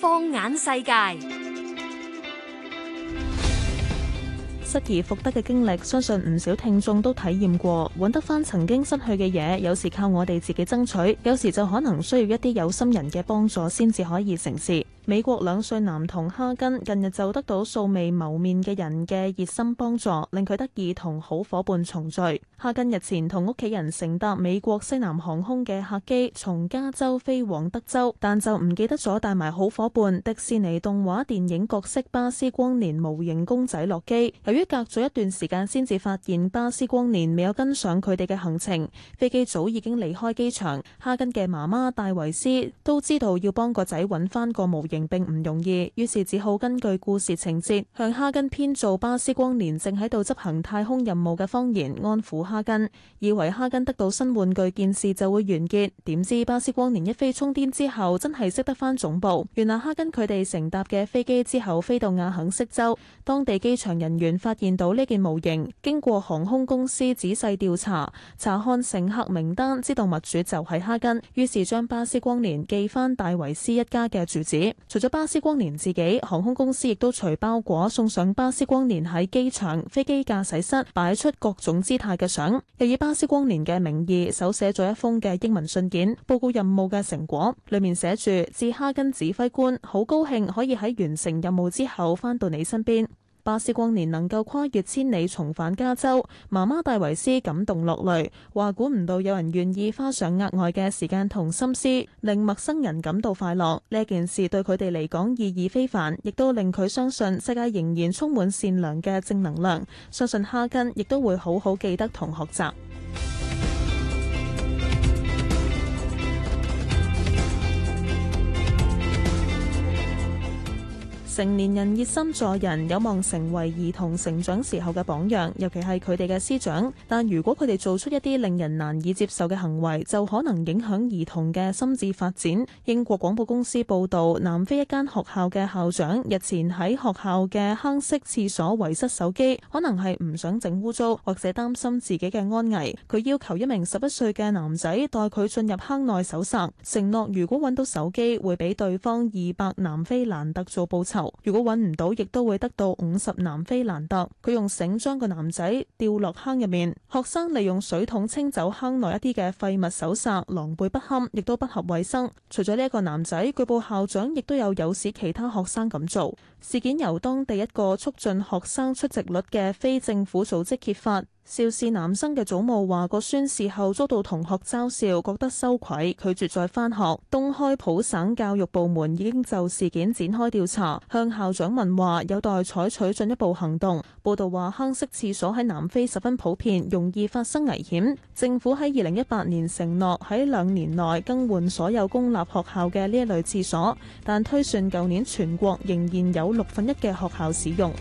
放眼世界，失而復得嘅經歷，相信唔少聽眾都體驗過。搵得返曾經失去嘅嘢，有時靠我哋自己爭取，有時就可能需要一啲有心人嘅幫助，先至可以成事。美國兩歲男童哈根近日就得到素未謀面嘅人嘅熱心幫助，令佢得以同好夥伴重聚。哈根日前同屋企人乘搭美國西南航空嘅客機，從加州飛往德州，但就唔記得咗帶埋好夥伴迪士尼動畫電影角色巴斯光年模型公仔落機。由於隔咗一段時間先至發現巴斯光年未有跟上佢哋嘅行程，飛機早已經離開機場。哈根嘅媽媽戴維斯都知道要幫個仔搵翻個模型。型並唔容易，於是只好根據故事情節向哈根編造巴斯光年正喺度執行太空任務嘅謊言，安撫哈根。以為哈根得到新玩具件事就會完結，點知巴斯光年一飛衝天之後，真係識得翻總部。原來哈根佢哋乘搭嘅飛機之後飛到亞肯色州，當地機場人員發現到呢件模型，經過航空公司仔細調查，查看乘客名單，知道物主就係哈根，於是將巴斯光年寄翻戴維斯一家嘅住址。除咗巴斯光年自己，航空公司亦都隨包裹送上巴斯光年喺機場、飛機駕駛室擺出各種姿態嘅相，又以巴斯光年嘅名義手寫咗一封嘅英文信件，報告任務嘅成果，裏面寫住致哈根指揮官，好高興可以喺完成任務之後翻到你身邊。巴斯光年能夠跨越千里重返加州，媽媽戴維斯感動落淚話估唔到有人願意花上額外嘅時間同心思，令陌生人感到快樂。呢件事對佢哋嚟講意義非凡，亦都令佢相信世界仍然充滿善良嘅正能量。相信哈根亦都會好好記得同學習。成年人熱心助人有望成為兒童成長時候嘅榜樣，尤其係佢哋嘅師長。但如果佢哋做出一啲令人難以接受嘅行為，就可能影響兒童嘅心智發展。英國廣播公司報導，南非一間學校嘅校長日前喺學校嘅坑式廁所遺失手機，可能係唔想整污糟，或者擔心自己嘅安危。佢要求一名十一歲嘅男仔代佢進入坑內搜索，承諾如果揾到手機，會俾對方二百南非蘭特做報酬。如果揾唔到，亦都會得到五十南非蘭特。佢用繩將個男仔吊落坑入面。學生利用水桶清走坑內一啲嘅廢物，手殺狼狽不堪，亦都不合衛生。除咗呢一個男仔，據報校長亦都有誘使其他學生咁做。事件由當地一個促進學生出席率嘅非政府組織揭發。肇事男生嘅祖母話：個孫事後遭到同學嘲笑，覺得羞愧，拒絕再翻學。東開普省教育部門已經就事件展開調查，向校長問話，有待採取進一步行動。報道話，坑式廁所喺南非十分普遍，容易發生危險。政府喺二零一八年承諾喺兩年內更換所有公立學校嘅呢一類廁所，但推算舊年全國仍然有六分一嘅學校使用。